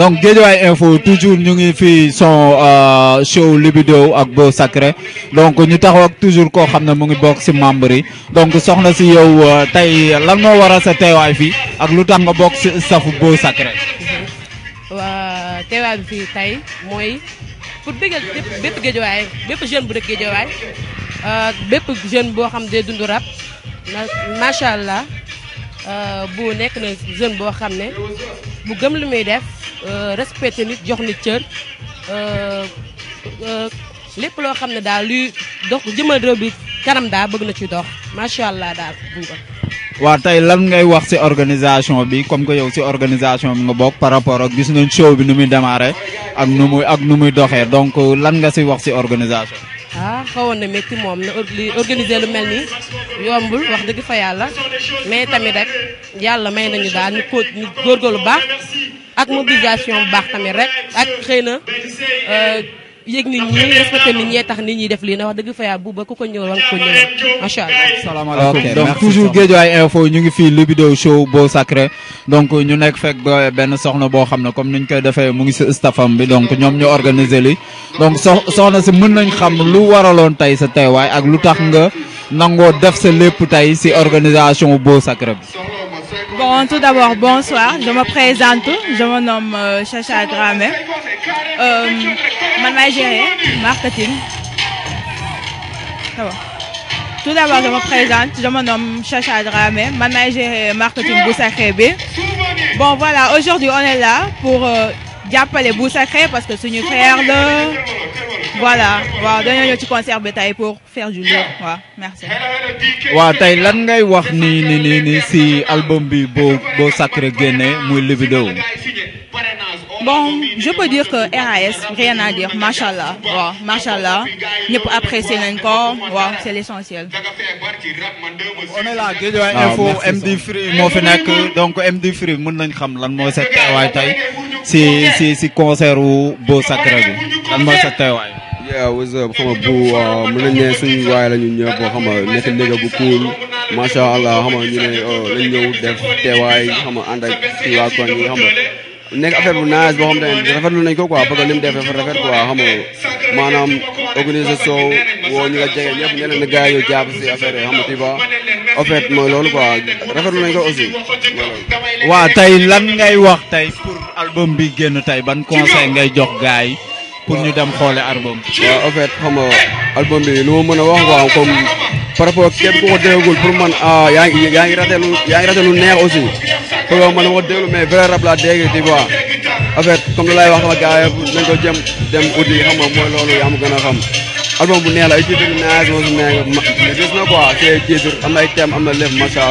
donc Guédiawaye info toujours ñu ngi fii son euh, show libido ak beau sacré donc ñu taxaw ak toujours koo xam ne mu ngi bokk si membre yi donc soxna si yow euh, tey lan moo waral sa teewaay fii ak lu tax nga bokk si safu beau sacré. waa teewaay bi fii tey mooy pour bégal bépp Guédiawaye bépp jeune bu dëkk Guédiawaye euh, bépp jeune boo xam day dund rap macha allah bu nekk na jeune boo xam ne bu gëm lu muy def. Euh, respecté nit jox nit cër euh, euh, lépp loo xam ne daal luy dox jëmal réew bi kanam daal bëgg na ci dox macha allah daal buuba waaw tey lan ngay wax ci organisation bi comme que yow ci organisation bi nga bokk par rapport ak gis nañ show bi nu muy démarré ak nu muy ak muy doxee donc lan nga ci wax ci organisation ah xawoon na métti moom na li lu mel ni yombul wax dëgg fa yàlla mais tamit rek yàlla may nañu daal ñu ko ñu góorgóorlu baax ak mobilisation bu baax tamit rek ak xëy na euh, yéeg nit ñi respecté nit ñee tax nit ñuy def lii na wax dëgg fa yaa buuba ku ko ñëw war ko ñëw macha allah. salaamaaleykum donc toujours Guédiawaye info ñu ngi fii Libido show boo sacré donc ñu nekk fekk benn soxna boo xam ne comme niñ koy defee mu ngi si staffam bi donc ñoom ñu organiser li donc so soxna si mën nañ xam lu waraloon tey sa teewaay ak lu tax nga nangoo def sa lépp tey si organisation beau sacré bi. Bon, tout d'abord, bonsoir. Je me présente. Je me nomme euh, Chacha Dramé. Euh, manager marketing. Tout d'abord, je me présente. Je me nomme Chacha Dramé, manager marketing Boussa Bon, voilà. Aujourd'hui, on est là pour euh, jàppale bu bouts sacrés parce que suñu xeer la voilà voilà. dañoo ñëw ci concert bi pour faire du lourd waaw merci. waaw tey lan ngay wax ni ni ni ni si album bi beau beau sacré génne le vidéo. bon je peux dire que RAS rien à dire macha allah waaw macha allah ñëpp apprécié nañ ko waaw c' est on est là Guédiawaye ah, info MD Free fi nekk donc MD Free mën nañ xam lan mooy sa teewaay si si si concert wu Beau Sacré bi lan mooy sa teewaay. yeah what's up xam nga bu uh, ne suñu waay la ñu ñëpp xam nga nekk nigga bu cool macha allah xam nga ñu ne uh, lañ ñëw def teewaay xam nga ànd ak si waa koñ yi xam nga nekk affaire bu naaj boo rafetlu nañ ko quoi parce que li mu def dafa rafet quoi xam nga maanaam organisation woo ñu la jege ñëpp ne leen gars yi jàpp si affaire yi xam nga tu vois en fait mooy loolu quoi rafetlu nañ ko aussi. waaw lan ngay wax album bi génn tey ban conseil ngay jox gars yi pour ñu dem xoole album waaw en fait xam nga album bi lu ma mën a wax waaw comme par rapport ak képp ku ko déggul pour man ah, yaa ngi yaa ngi raté lu yaa lu neex aussi pour man ma ko déglu mais vrai rap laa dégg tu vois en fait comme li lay wax sama gars yi nañ ko jëm dem uti xam nga mooy loolu yaa gën a xam album bu neex la ay titre neex moom su neex ma gis na quoi c'est am na ay am na lépp macha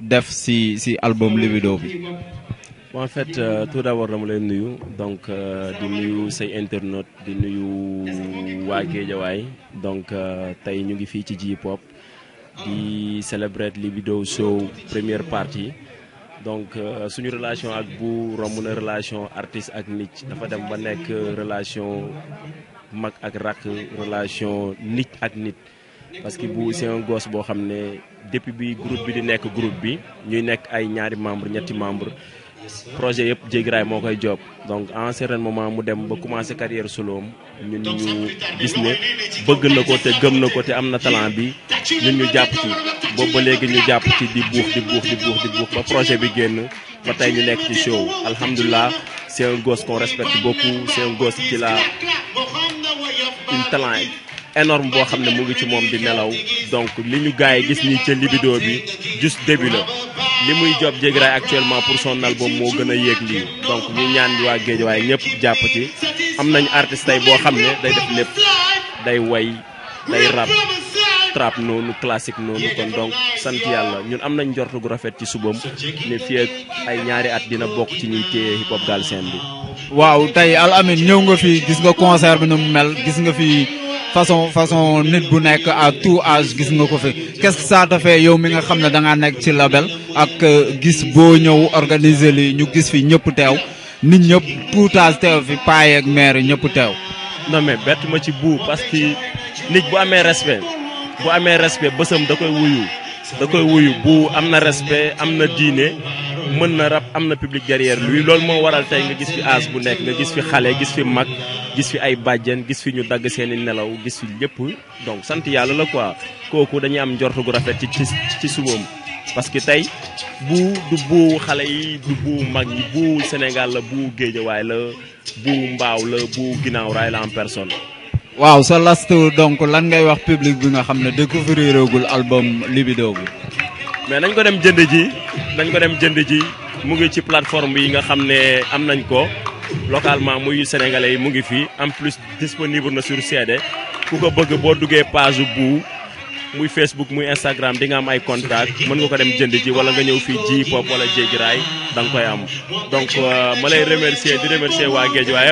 def ci ci album Libido bi. en fait euh, tout d'abord dama lay nuyu donc euh, di nuyu say internet, di nuyu waa way donc euh, tay ñu ngi fi ci J Pop di célébrer Libido show première partie. donc suñu relation ak bu romb na relation artiste ak nit dafa dem ba nek relation mag ak rakk relation nit ak nit. parce que bu c'est un boo xam ne depuis bi groupe bi di nekk groupe bi ñuy nekk ay ñaari membre ñetti membre projet yëpp Diéguy moo koy job donc en certain moment mu dem ba commencé carrière soloom ñun ñu gis ne bëgg na ko te gëm na ko te am na talent bi ñun ñu jàpp ci boobu léegi ñu jàpp ci di buux di buux di buux ba projet bi génn ba tey ñu nekk ci show alhamdulilah c'est gos gosse qu'on respecte beaucoup c'est un gosse qui a un énorme boo xam ne mu ngi ci moom di nelaw donc li ñu gars gis nii ca libido bi juste début li muy job jégraay actuellement pour son album moo gën a yéeg lii donc ñu ñaan bi waa géej waaye ñëpp jàpp ci am nañ artiste tey boo xam ne day def lépp day way day rap trap noonu classique noonu kon donc sant yàlla ñun am nañ njort gu rafet ci subam ne fii ak ay ñaari at dina bokk ci ñuy téye hip hop bi waaw tey Al Amine ñëw nga fi gis nga concert fi Fason, fason, nit bwou nèk a tou aj gis nou kofi. Kèst sa te fe, yo mè nèk khamle dan anèk chil label, ak euh, gis bou nyou organize li, nyou gis fi nyop te ou. Nin nyop poutaz te ou fi, payèk mèri, nyop te ou. Nan mè, bet mè chi bou, paski, nit bwou amè respè, bwou amè respè, bwou amè respè, bwou amè respè, amè dinè. mën rap am public derrière lui loolu moo waral tey nga gis fi aas bu nekk nga gis fi xale gis fi mag gis fi ay bàjjen gis fi ñu dagg seeni nelaw gis fi lépp donc sant yàlla la quoi kooku dañuy am njort gu rafet ci ci ci parce que tey bu du bu xale yi du bu mag yi le Sénégal la bu Géejawaay la bu Mbaaw la Ginnaaw la en personne. waaw sa last donc lan ngay wax public bi nga xam ne découvrir album Libido mais nañ ko dem jënd ji. dañ ko dem jënd ji mu ngi ci plateforme yi nga xamné ne am nañ ko localement muy sénégalais yi mu ngi fi en plus disponible na sur CD ku ko bëgg bo duggé page bu muy facebook muy instagram di nga am ay contact mën nga ko dem jënd ji wala nga ñëw fi ji pop wala djéj ray dang koy am donc euh, ma lay remercier di remercier wa géej waa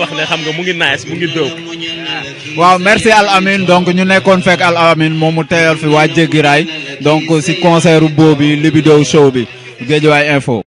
wax né xam nga mu ngi nice mu ngi waaw merci Al Amine donc ñu nekkoon fekk Al Amine moom mu teewal fi waa Jéggi Raay donc si concert boobu Libido show bi Guédiawaye info